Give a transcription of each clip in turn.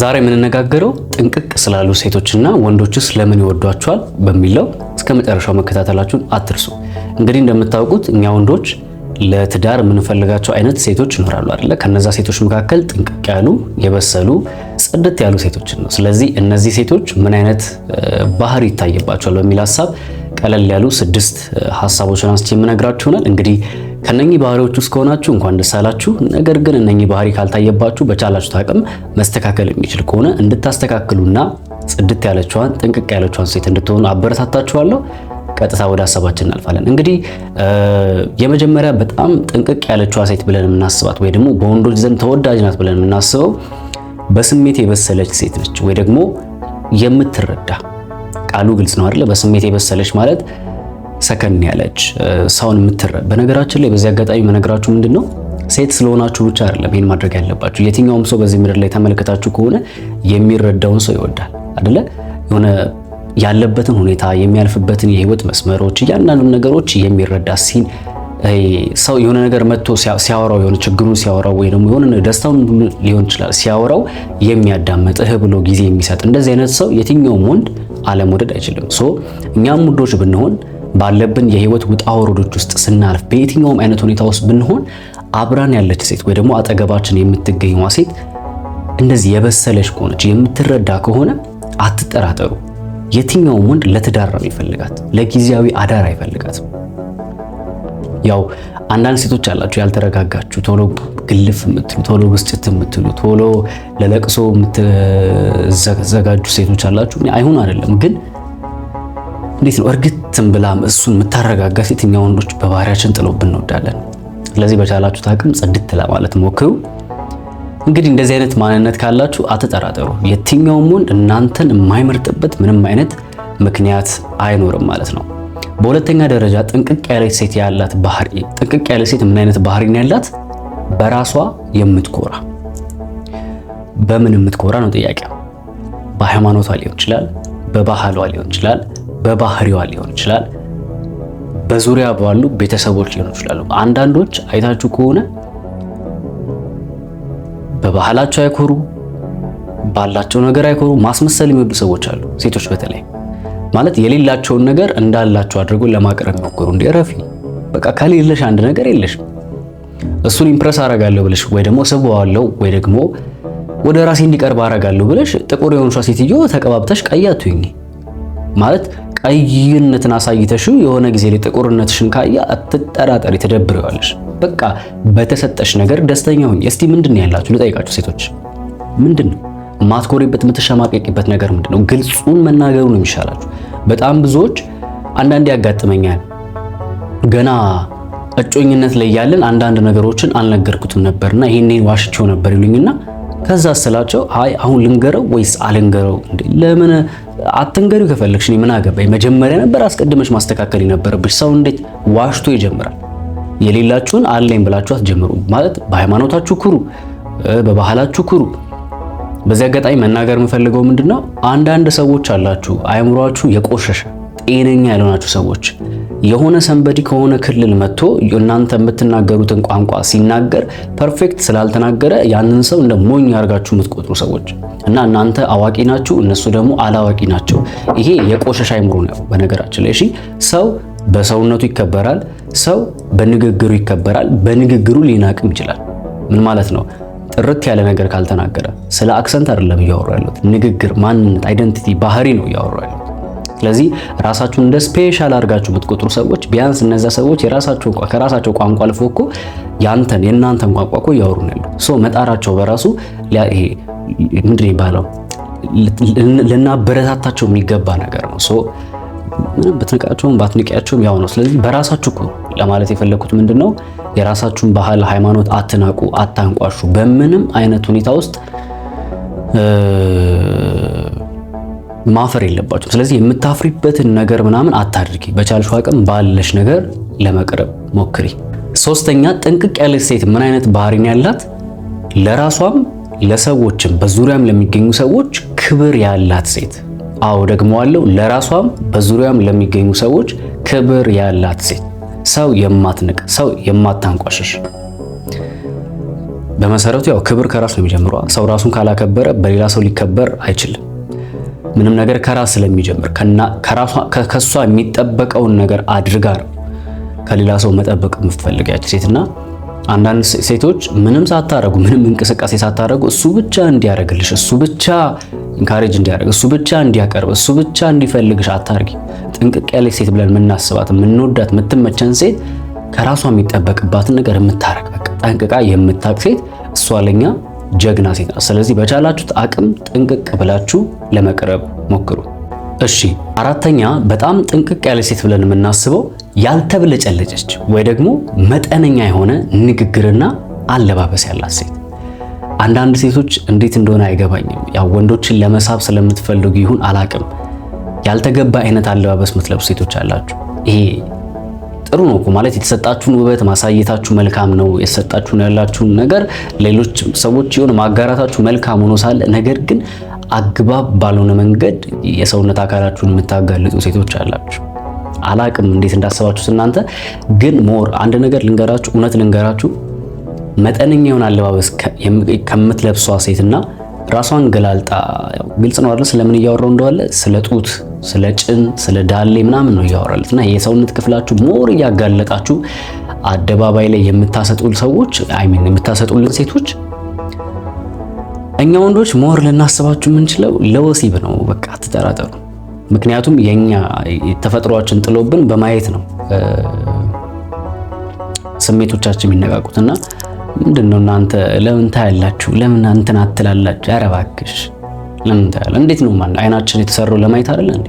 ዛሬ የምንነጋገረው ጥንቅቅ ስላሉ ሴቶችና ወንዶችስ ለምን ይወዷቸዋል በሚለው እስከ መጨረሻው መከታተላችሁን አትርሱ። እንግዲህ እንደምታውቁት እኛ ወንዶች ለትዳር የምንፈልጋቸው አይነት ሴቶች ይኖራሉ አይደለ? ከነዛ ሴቶች መካከል ጥንቅቅ ያሉ የበሰሉ ጽድት ያሉ ሴቶችን ነው። ስለዚህ እነዚህ ሴቶች ምን አይነት ባህሪ ይታይባቸዋል በሚል ሀሳብ ቀለል ያሉ ስድስት ሀሳቦችን አንስቼ የምነግራችሁ ይሆናል እንግዲህ ከነኚህ ባህሪዎች ውስጥ ከሆናችሁ እንኳን ደስ አላችሁ። ነገር ግን እነኚህ ባህሪ ካልታየባችሁ በቻላችሁት አቅም መስተካከል የሚችል ከሆነ እንድታስተካክሉና ጽድት ያለችዋን ጥንቅቅ ያለችዋን ሴት እንድትሆኑ አበረታታችኋለሁ። ቀጥታ ወደ ሀሳባችን እናልፋለን። እንግዲህ የመጀመሪያ በጣም ጥንቅቅ ያለችዋ ሴት ብለን የምናስባት ወይ ደግሞ በወንዶች ዘንድ ተወዳጅ ናት ብለን የምናስበው በስሜት የበሰለች ሴት ነች ወይ ደግሞ የምትረዳ ቃሉ ግልጽ ነው አይደለ? በስሜት የበሰለች ማለት ሰከን ያለች ሰውን የምትረ በነገራችን ላይ በዚህ አጋጣሚ መነግራችሁ ምንድን ነው ሴት ስለሆናችሁ ብቻ አይደለም ይህን ማድረግ ያለባችሁ። የትኛውም ሰው በዚህ ምድር ላይ ተመልክታችሁ ከሆነ የሚረዳውን ሰው ይወዳል አደለ? የሆነ ያለበትን ሁኔታ የሚያልፍበትን የህይወት መስመሮች እያንዳንዱን ነገሮች የሚረዳ ሲን ሰው የሆነ ነገር መጥቶ ሲያወራው የሆነ ችግሩን ሲያወራው ወይ ደግሞ የሆነ ደስታውን ሊሆን ይችላል ሲያወራው የሚያዳመጥህ ብሎ ጊዜ የሚሰጥ እንደዚህ አይነት ሰው የትኛውም ወንድ አለመውደድ አይችልም። ሶ እኛም ሙዶች ብንሆን ባለብን የህይወት ውጣ ወረዶች ውስጥ ስናልፍ በየትኛውም አይነት ሁኔታ ውስጥ ብንሆን አብራን ያለች ሴት ወይ ደግሞ አጠገባችን የምትገኘዋ ሴት እንደዚህ የበሰለች ከሆነች የምትረዳ ከሆነ አትጠራጠሩ። የትኛውም ወንድ ለትዳር ነው የሚፈልጋት፣ ለጊዜያዊ አዳር አይፈልጋትም። ያው አንዳንድ ሴቶች አላችሁ ያልተረጋጋችሁ፣ ቶሎ ግልፍ የምትሉ ቶሎ ብስጭት የምትሉ ቶሎ ለለቅሶ የምትዘጋጁ ሴቶች አላችሁ። አይሁን አይደለም ግን እንዴት ነው እርግትም ብላም እሱን የምታረጋጋት የትኛው ወንዶች በባህሪያችን ጥሎብን እንወዳለን። ስለዚህ በቻላችሁት አቅም ጽድት ለማለት ሞክሩ። እንግዲህ እንደዚህ አይነት ማንነት ካላችሁ አትጠራጠሩ፣ የትኛውም ወንድ እናንተን የማይመርጥበት ምንም አይነት ምክንያት አይኖርም ማለት ነው። በሁለተኛ ደረጃ ጥንቅቅ ያለች ሴት ያላት ባህሪ፣ ጥንቅቅ ያለች ሴት ምን አይነት ባህሪ ነው ያላት? በራሷ የምትኮራ። በምን የምትኮራ ነው ጥያቄ። በሃይማኖቷ ሊሆን ይችላል፣ በባህሏ ሊሆን ይችላል በባህሪዋ ሊሆን ይችላል፣ በዙሪያ ባሉ ቤተሰቦች ሊሆኑ ይችላሉ። አንዳንዶች አይታችሁ ከሆነ በባህላቸው አይኮሩ፣ ባላቸው ነገር አይኮሩ፣ ማስመሰል የሚወዱ ሰዎች አሉ። ሴቶች በተለይ ማለት የሌላቸውን ነገር እንዳላቸው አድርጎ ለማቅረብ የሚሞክሩ እንደ ረፊ በቃ ከሌለሽ አንድ ነገር የለሽም እሱን ኢምፕረስ አረጋለሁ ብለሽ ወይ ደግሞ ስበዋለሁ ወይ ደግሞ ወደ ራሴ እንዲቀርብ አረጋለሁ ብለሽ ጥቁር የሆነች ሴትዮ ተቀባብተሽ ቀይ ማለት ቀይነትን አሳይተሽው የሆነ ጊዜ ላይ ጥቁርነትሽን ካየ አትጠራጠሪ፣ ትደብረዋለሽ። በቃ በተሰጠሽ ነገር ደስተኛ ሁኝ። እስቲ ምንድን ነው ያላችሁ ልጠይቃችሁ፣ ሴቶች ምንድን ነው ማትኮሪበት የምትሸማቀቂበት ነገር ምንድን ነው? ግልጹን መናገሩ ነው የሚሻላችሁ። በጣም ብዙዎች አንዳንዴ ያጋጥመኛል። ገና እጮኝነት ላይ ያለን አንዳንድ ነገሮችን አልነገርኩትም ነበርና ይሄን ዋሽቸው ነበር ይሉኝና ከዛ ስላቸው አይ አሁን ልንገረው ወይስ አልንገረው? ለምን አትንገሪው ከፈለግሽ እኔ ምን አገባኝ። መጀመሪያ ነበር አስቀድመሽ ማስተካከል የነበረብሽ። ሰው እንዴት ዋሽቶ ይጀምራል? የሌላችሁን አለኝ ብላችሁ አትጀምሩ። ማለት በሃይማኖታችሁ ኩሩ፣ በባህላችሁ ኩሩ። በዚህ አጋጣሚ መናገር የምፈልገው ምንድነው፣ አንዳንድ ሰዎች አላችሁ፣ አይምሯችሁ የቆሸሸ ጤነኛ ያልሆናችሁ ሰዎች የሆነ ሰንበዲ ከሆነ ክልል መጥቶ እናንተ የምትናገሩትን ቋንቋ ሲናገር ፐርፌክት ስላልተናገረ ያንን ሰው እንደ ሞኝ ያርጋችሁ የምትቆጥሩ ሰዎች እና እናንተ አዋቂ ናችሁ፣ እነሱ ደግሞ አላዋቂ ናቸው። ይሄ የቆሸሽ አይምሮ ነው። በነገራችን ላይ እሺ፣ ሰው በሰውነቱ ይከበራል። ሰው በንግግሩ ይከበራል። በንግግሩ ሊናቅም ይችላል። ምን ማለት ነው? ጥርት ያለ ነገር ካልተናገረ ስለ አክሰንት አይደለም እያወራ ያሉት፣ ንግግር፣ ማንነት፣ አይደንቲቲ፣ ባህሪ ነው እያወሩ ያሉት። ስለዚህ ራሳችሁን እንደ ስፔሻል አድርጋችሁ የምትቆጥሩ ሰዎች ቢያንስ እነዛ ሰዎች የራሳቸው ከራሳቸው ቋንቋ አልፎ እኮ ያንተን የእናንተን ቋንቋ እኮ እያወሩ ነው ሶ መጣራቸው በራሱ ይሄ ምንድን ይባለው ልናበረታታቸው የሚገባ ነገር ነው። ሶ ምንም ብትንቃቸውም ባትንቂያቸውም ያው ነው። ስለዚህ በራሳችሁ እኮ ለማለት የፈለኩት ምንድን ነው የራሳችሁን ባህል፣ ሃይማኖት አትናቁ፣ አታንቋሹ በምንም አይነት ሁኔታ ውስጥ ማፈር የለባችሁም። ስለዚህ የምታፍሪበትን ነገር ምናምን አታድርጊ። በቻልሽው አቅም ባለሽ ነገር ለመቅረብ ሞክሪ። ሶስተኛ ጥንቅቅ ያለች ሴት ምን አይነት ባህሪን ያላት? ለራሷም ለሰዎችም በዙሪያም ለሚገኙ ሰዎች ክብር ያላት ሴት። አዎ አለው፣ ለራሷም በዙሪያም ለሚገኙ ሰዎች ክብር ያላት ሴት። ሰው የማትንቅ ሰው የማታንቋሸሽ በመሰረቱ ያው ክብር ከራስ ነው የሚጀምረው። ሰው ራሱን ካላከበረ በሌላ ሰው ሊከበር አይችልም። ምንም ነገር ከራስ ስለሚጀምር ከሷ የሚጠበቀውን ነገር አድርጋ ነው ከሌላ ሰው መጠበቅ የምትፈልጋቸው ሴትና አንዳንድ ሴቶች ምንም ሳታረጉ ምንም እንቅስቃሴ ሳታረጉ እሱ ብቻ እንዲያደርግልሽ እሱ ብቻ ኢንካሬጅ እንዲያደርግ እሱ ብቻ እንዲያቀርብ እሱ ብቻ እንዲፈልግሽ አታርጊ። ጥንቅቅ ያለች ሴት ብለን የምናስባት የምንወዳት የምትመቸን ሴት ከራሷ የሚጠበቅባትን ነገር የምታረግ በቃ ጠንቅቃ የምታቅ ሴት እሷ ለኛ ጀግና ሴት ናት። ስለዚህ በቻላችሁት አቅም ጥንቅቅ ብላችሁ ለመቅረብ ሞክሩ። እሺ አራተኛ በጣም ጥንቅቅ ያለች ሴት ብለን የምናስበው ያልተብለጨለጨች ወይ ደግሞ መጠነኛ የሆነ ንግግርና አለባበስ ያላት ሴት። አንዳንድ ሴቶች እንዴት እንደሆነ አይገባኝም፣ ያው ወንዶችን ለመሳብ ስለምትፈልጉ ይሁን አላቅም፣ ያልተገባ አይነት አለባበስ ምትለብሱ ሴቶች አላችሁ። ይሄ ጥሩ ነው እኮ ማለት የተሰጣችሁን ውበት ማሳየታችሁ መልካም ነው። የተሰጣችሁን ያላችሁን ነገር ሌሎች ሰዎች የሆነ ማጋራታችሁ መልካም ሆኖ ሳለ ነገር ግን አግባብ ባልሆነ መንገድ የሰውነት አካላችሁን የምታጋልጡ ሴቶች አላችሁ። አላቅም እንዴት እንዳሰባችሁ እናንተ ግን ሞር አንድ ነገር ልንገራችሁ፣ እውነት ልንገራችሁ መጠነኛ የሆነ አለባበስ ከምትለብሷ ሴትና ራሷን ገላልጣ ግልጽ ነው አይደል? ስለምን እያወራው እንደዋለ ስለ ጡት ስለ ጭን፣ ስለ ዳሌ ምናምን ነው እያወራለት እና የሰውነት ክፍላችሁ ሞር እያጋለጣችሁ አደባባይ ላይ የምታሰጡል ሰዎች አይሚን የምታሰጡልን ሴቶች እኛ ወንዶች ሞር ልናስባችሁ የምንችለው ለወሲብ ነው። በቃ አትጠራጠሩ። ምክንያቱም የኛ ተፈጥሯችን ጥሎብን በማየት ነው ስሜቶቻችን የሚነቃቁትና ምንድን ነው እናንተ ለምን ታያላችሁ? ለምን እንትን አትላላችሁ? ኧረ እባክሽ ለምን ታያለ? እንዴት ነው ማለት አይናችን የተሰራው ለማየት አይደለ እንዴ?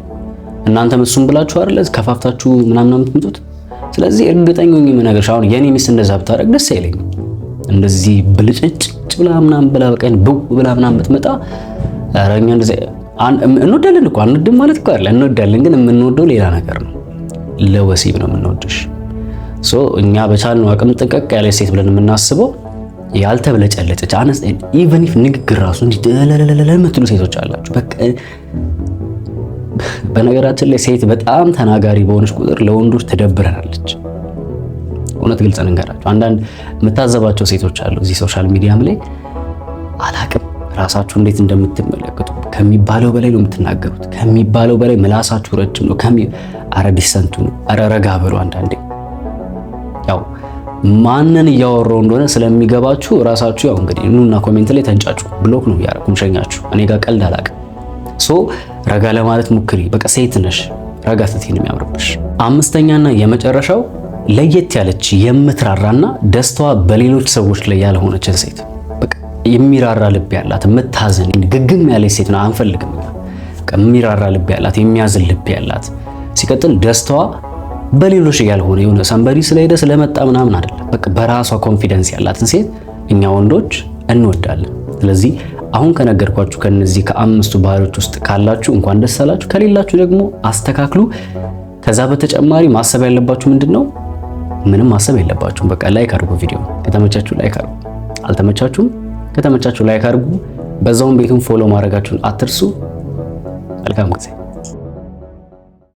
እናንተም እሱን ብላችሁ አይደለ ከፋፍታችሁ ምናምን የምትመጡት። ስለዚህ እርግጠኛ ሆኜ የምነግርሽ አሁን የኔ ሚስት እንደዛ ብታደርግ ደስ አይለኝም። እንደዚህ ብልጭጭ ብላ ምናምን ብላ በቀን ብው ብላ ምናምን ብትመጣ አረኛ እንደዚህ እንወዳለን እኮ አንድም ማለት እኮ አይደለ እንወዳለን፣ ግን የምንወደው ሌላ ነገር ነው። ለወሲብ ነው የምንወድሽ። ሶ እኛ በቻልነው አቅም ጥንቀቅ ያለ ሴት ብለን የምናስበው ያልተብለጨለጨች አነስ ኢቨን ኢፍ ንግግር ራሱ እንዲህ የምትሉ ሴቶች አላችሁ። በቃ በነገራችን ላይ ሴት በጣም ተናጋሪ በሆነች ቁጥር ለወንዶች ትደብረናለች። እውነት ግልጽ ንገራችሁ። አንዳንድ የምታዘባቸው ሴቶች አሉ እዚህ ሶሻል ሚዲያም ላይ አላቅም ራሳችሁ እንዴት እንደምትመለከቱ ከሚባለው በላይ ነው የምትናገሩት። ከሚባለው በላይ ምላሳችሁ ረጅም ነው። ከሚ አረ ዲሰንቱ ነው። አረ ረጋ አንዳንዴ ያው ማንን እያወራው እንደሆነ ስለሚገባችሁ ራሳችሁ ያው እንግዲህ ኑና ኮሜንት ላይ ተንጫጩ። ብሎክ ነው ያደረኩም ሸኛችሁ። እኔ ጋር ቀልድ አላቅም። ሶ ረጋ ለማለት ሙክሪ። በቃ ሴት ነሽ፣ ረጋ ስትይ ነው የሚያምርብሽ። አምስተኛና የመጨረሻው ለየት ያለች የምትራራና ደስታዋ በሌሎች ሰዎች ላይ ያልሆነች ሴት፣ በቃ የሚራራ ልብ ያላት የምታዝን ግግም ያለች ሴት ነው አንፈልግም። የሚራራ ልብ ያላት የሚያዝን ልብ ያላት ሲቀጥል ደስታዋ በሌሎች ያልሆነ የሆነ ሰንበሪ ስለሄደ ስለመጣ ምናምን አይደለም። በቃ በራሷ ኮንፊደንስ ያላትን ሴት እኛ ወንዶች እንወዳለን። ስለዚህ አሁን ከነገርኳችሁ ከነዚህ ከአምስቱ ባህሪዎች ውስጥ ካላችሁ እንኳን ደስ አላችሁ፣ ከሌላችሁ ደግሞ አስተካክሉ። ከዛ በተጨማሪ ማሰብ ያለባችሁ ምንድን ነው? ምንም ማሰብ የለባችሁም። በቃ ላይክ አድርጉ። ቪዲዮ ከተመቻችሁ ላይክ አድርጉ፣ አልተመቻችሁም ከተመቻችሁ ላይክ አድርጉ። በዛውም ቤቱን ፎሎ ማድረጋችሁን አትርሱ። መልካም ጊዜ